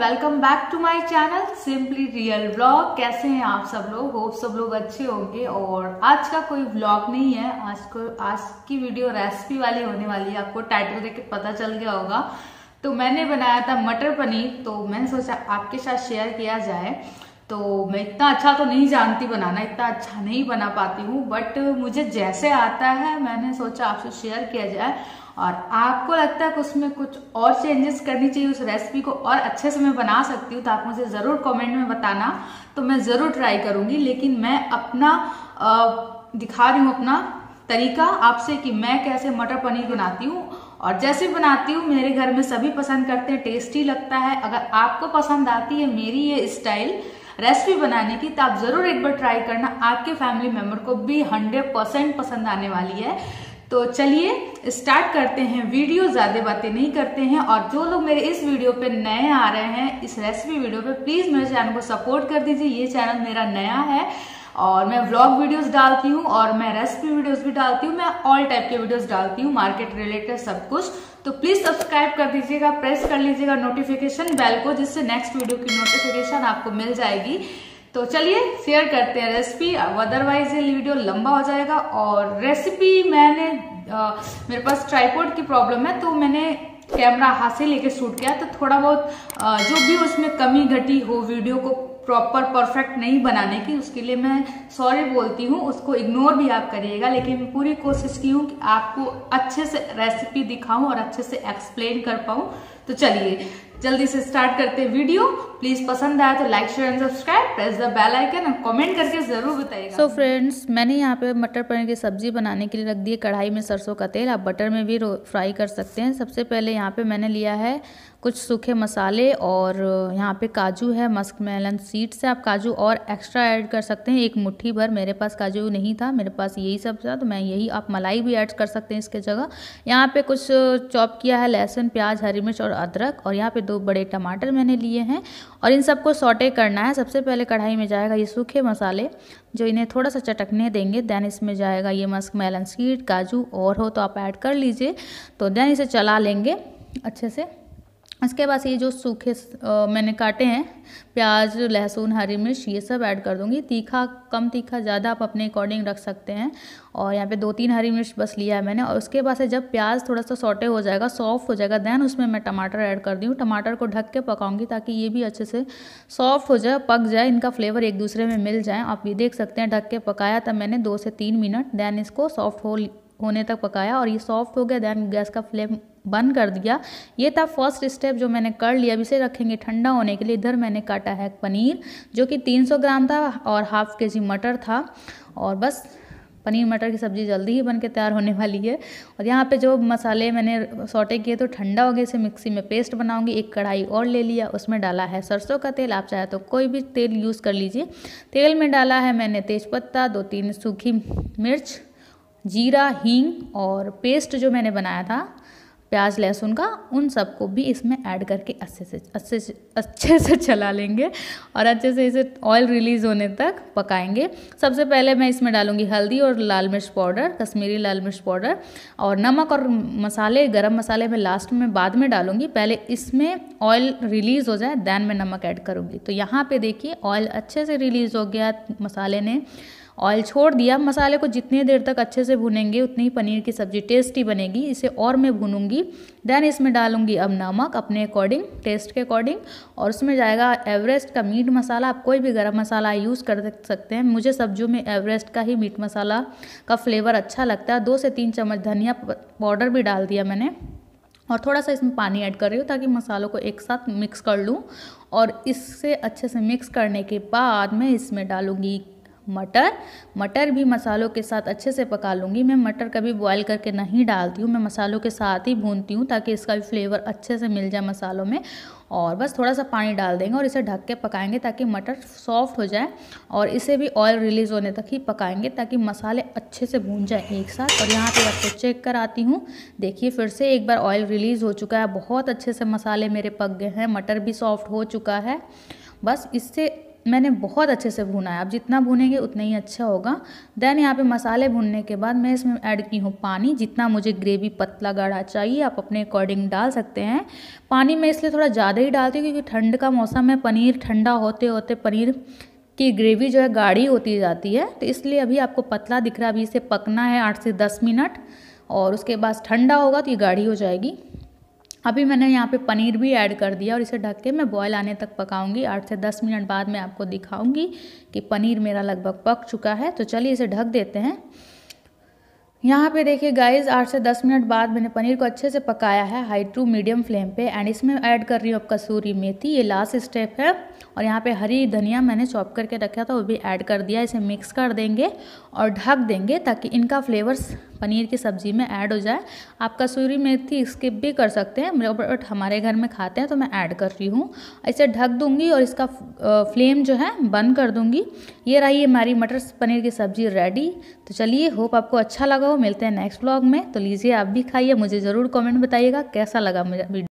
welcome back to my channel simply real vlog कैसे हैं आप सब लोग होप सब लोग अच्छे होंगे और आज का कोई व्लॉग नहीं है आज को आज की वीडियो रेसिपी वाली होने वाली है आपको टाइटल देख के पता चल गया होगा तो मैंने बनाया था मटर पनीर तो मैंने सोचा आपके साथ शेयर किया जाए तो मैं इतना अच्छा तो नहीं जानती बनाना इतना अच्छा नहीं बना पाती हूँ बट मुझे जैसे आता है मैंने सोचा आपसे शेयर किया जाए और आपको लगता है कि उसमें कुछ और चेंजेस करनी चाहिए उस रेसिपी को और अच्छे से मैं बना सकती हूँ तो आप मुझे ज़रूर कमेंट में बताना तो मैं ज़रूर ट्राई करूँगी लेकिन मैं अपना दिखा रही हूँ अपना तरीका आपसे कि मैं कैसे मटर पनीर बनाती हूँ और जैसे बनाती हूँ मेरे घर में सभी पसंद करते हैं टेस्टी लगता है अगर आपको पसंद आती है मेरी ये स्टाइल रेसिपी बनाने की तो आप ज़रूर एक बार ट्राई करना आपके फैमिली मेंबर को भी हंड्रेड परसेंट पसंद आने वाली है तो चलिए स्टार्ट करते हैं वीडियो ज़्यादा बातें नहीं करते हैं और जो लोग मेरे इस वीडियो पे नए आ रहे हैं इस रेसिपी वीडियो पे प्लीज़ मेरे चैनल को सपोर्ट कर दीजिए ये चैनल मेरा नया है और मैं व्लॉग वीडियोस डालती हूँ और मैं रेसिपी वीडियोस भी डालती हूँ मैं ऑल टाइप के वीडियोस डालती हूँ मार्केट रिलेटेड सब कुछ तो प्लीज सब्सक्राइब कर दीजिएगा प्रेस कर लीजिएगा नोटिफिकेशन बेल को जिससे नेक्स्ट वीडियो की नोटिफिकेशन आपको मिल जाएगी तो चलिए शेयर करते हैं रेसिपी अदरवाइज ये वीडियो लंबा हो जाएगा और रेसिपी मैंने आ, मेरे पास ट्राईपोर्ड की प्रॉब्लम है तो मैंने कैमरा हाथ से लेके शूट किया तो थोड़ा बहुत आ, जो भी उसमें कमी घटी हो वीडियो को प्रॉपर परफेक्ट नहीं बनाने की उसके लिए मैं सॉरी बोलती हूँ उसको इग्नोर भी आप करिएगा लेकिन पूरी कोशिश की हूँ कि आपको अच्छे से रेसिपी दिखाऊँ और अच्छे से एक्सप्लेन कर पाऊँ तो चलिए जल्दी से स्टार्ट करते वीडियो प्लीज पसंद आया तो like share and subscribe press the bell icon और कमेंट करके जरूर बताइएगा सो so फ्रेंड्स मैंने यहाँ पे मटर पनीर की सब्जी बनाने के लिए रख दी है कढ़ाई में सरसों का तेल आप बटर में भी फ्राई कर सकते हैं सबसे पहले यहाँ पे मैंने लिया है कुछ सूखे मसाले और यहाँ पे काजू है मस्क मेलन सीड्स है आप काजू और एक्स्ट्रा ऐड कर सकते हैं एक मुट्ठी भर मेरे पास काजू नहीं था मेरे पास यही सब था तो मैं यही आप मलाई भी ऐड कर सकते हैं इसके जगह यहाँ पे कुछ चॉप किया है लहसुन प्याज हरी मिर्च और अदरक और यहाँ पे दो बड़े टमाटर मैंने लिए हैं और इन सबको सॉटे करना है सबसे पहले कढ़ाई में जाएगा ये सूखे मसाले जो इन्हें थोड़ा सा चटकने देंगे देन इसमें जाएगा ये मस्क मेलन सीड काजू और हो तो आप ऐड कर लीजिए तो देन इसे चला लेंगे अच्छे से इसके बाद ये जो सूखे मैंने काटे हैं प्याज लहसुन हरी मिर्च ये सब ऐड कर दूंगी तीखा कम तीखा ज़्यादा आप अपने अकॉर्डिंग रख सकते हैं और यहाँ पे दो तीन हरी मिर्च बस लिया है मैंने और उसके बाद से जब प्याज थोड़ा सा सोटे हो जाएगा सॉफ्ट हो जाएगा दैन उसमें मैं टमाटर ऐड कर दी हूँ टमाटर को ढक के पकाऊंगी ताकि ये भी अच्छे से सॉफ्ट हो जाए पक जाए इनका फ्लेवर एक दूसरे में मिल जाए आप ये देख सकते हैं ढक के पकाया तब मैंने दो से तीन मिनट दैन इसको सॉफ्ट होने तक पकाया और ये सॉफ्ट हो गया दैन गैस का फ्लेम बंद कर दिया ये था फर्स्ट स्टेप जो मैंने कर लिया अभी इसे रखेंगे ठंडा होने के लिए इधर मैंने काटा है पनीर जो कि 300 ग्राम था और हाफ के जी मटर था और बस पनीर मटर की सब्ज़ी जल्दी ही बन के तैयार होने वाली है और यहाँ पे जो मसाले मैंने सोटे किए तो ठंडा हो गया इसे मिक्सी में पेस्ट बनाऊंगी एक कढ़ाई और ले लिया उसमें डाला है सरसों का तेल आप चाहे तो कोई भी तेल यूज़ कर लीजिए तेल में डाला है मैंने तेज़पत्ता दो तीन सूखी मिर्च जीरा हींग और पेस्ट जो मैंने बनाया था प्याज लहसुन का उन सबको भी इसमें ऐड करके अच्छे से अच्छे से अच्छे से चला लेंगे और अच्छे से इसे ऑयल रिलीज़ होने तक पकाएंगे सबसे पहले मैं इसमें डालूंगी हल्दी और लाल मिर्च पाउडर कश्मीरी लाल मिर्च पाउडर और नमक और मसाले गरम मसाले मैं लास्ट में बाद में डालूंगी पहले इसमें ऑयल रिलीज़ हो जाए दैन में नमक ऐड करूँगी तो यहाँ पर देखिए ऑयल अच्छे से रिलीज़ हो गया मसाले ने ऑयल छोड़ दिया मसाले को जितनी देर तक अच्छे से भुनेंगे उतनी ही पनीर की सब्ज़ी टेस्टी बनेगी इसे और मैं भूनूंगी देन इसमें डालूंगी अब नमक अपने अकॉर्डिंग टेस्ट के अकॉर्डिंग और उसमें जाएगा एवरेस्ट का मीट मसाला आप कोई भी गर्म मसाला यूज़ कर सकते हैं मुझे सब्जियों में एवरेस्ट का ही मीट मसाला का फ्लेवर अच्छा लगता है दो से तीन चम्मच धनिया पाउडर भी डाल दिया मैंने और थोड़ा सा इसमें पानी ऐड कर रही हूँ ताकि मसालों को एक साथ मिक्स कर लूँ और इससे अच्छे से मिक्स करने के बाद मैं इसमें डालूँगी मटर मटर भी मसालों के साथ अच्छे से पका लूँगी मैं मटर कभी बॉयल करके नहीं डालती हूँ मैं मसालों के साथ ही भूनती हूँ ताकि इसका भी फ्लेवर अच्छे से मिल जाए मसालों में और बस थोड़ा सा पानी डाल देंगे और इसे ढक के पकाएंगे ताकि मटर सॉफ्ट हो जाए और इसे भी ऑयल रिलीज़ होने तक ही पकाएंगे ताकि मसाले अच्छे से भून जाए एक साथ और यहाँ पर आपको चेक आती हूँ देखिए फिर से एक बार ऑयल रिलीज़ हो चुका है बहुत अच्छे से मसाले मेरे पक गए हैं मटर भी सॉफ्ट हो चुका है बस इससे मैंने बहुत अच्छे से भुना है आप जितना भुनेंगे उतना ही अच्छा होगा देन यहाँ पे मसाले भुनने के बाद मैं इसमें ऐड की हूँ पानी जितना मुझे ग्रेवी पतला गाढ़ा चाहिए आप अपने अकॉर्डिंग डाल सकते हैं पानी मैं इसलिए थोड़ा ज़्यादा ही डालती हूँ क्योंकि ठंड का मौसम है पनीर ठंडा होते होते पनीर की ग्रेवी जो है गाढ़ी होती जाती है तो इसलिए अभी आपको पतला दिख रहा है अभी इसे पकना है आठ से दस मिनट और उसके बाद ठंडा होगा तो ये गाढ़ी हो जाएगी अभी मैंने यहाँ पे पनीर भी ऐड कर दिया और इसे ढक के मैं बॉयल आने तक पकाऊंगी आठ से दस मिनट बाद मैं आपको दिखाऊंगी कि पनीर मेरा लगभग पक चुका है तो चलिए इसे ढक देते हैं यहाँ पे देखिए गाइस आठ से दस मिनट बाद मैंने पनीर को अच्छे से पकाया है हाई टू मीडियम फ्लेम पे एंड इसमें ऐड कर रही हूँ आप कसूरी मेथी ये लास्ट स्टेप है और यहाँ पे हरी धनिया मैंने चॉप करके रखा था वो भी ऐड कर दिया इसे मिक्स कर देंगे और ढक देंगे ताकि इनका फ्लेवर्स पनीर की सब्ज़ी में ऐड हो जाए आप कसूरी मेथी स्किप भी कर सकते हैं बट हमारे घर में खाते हैं तो मैं ऐड कर रही हूँ इसे ढक दूँगी और इसका फ्लेम जो है बंद कर दूँगी ये रही हमारी मटर पनीर की सब्ज़ी रेडी तो चलिए होप आपको अच्छा लगा हो मिलते हैं नेक्स्ट ब्लॉग में तो लीजिए आप भी खाइए मुझे ज़रूर कॉमेंट बताइएगा कैसा लगा मुझे वीडियो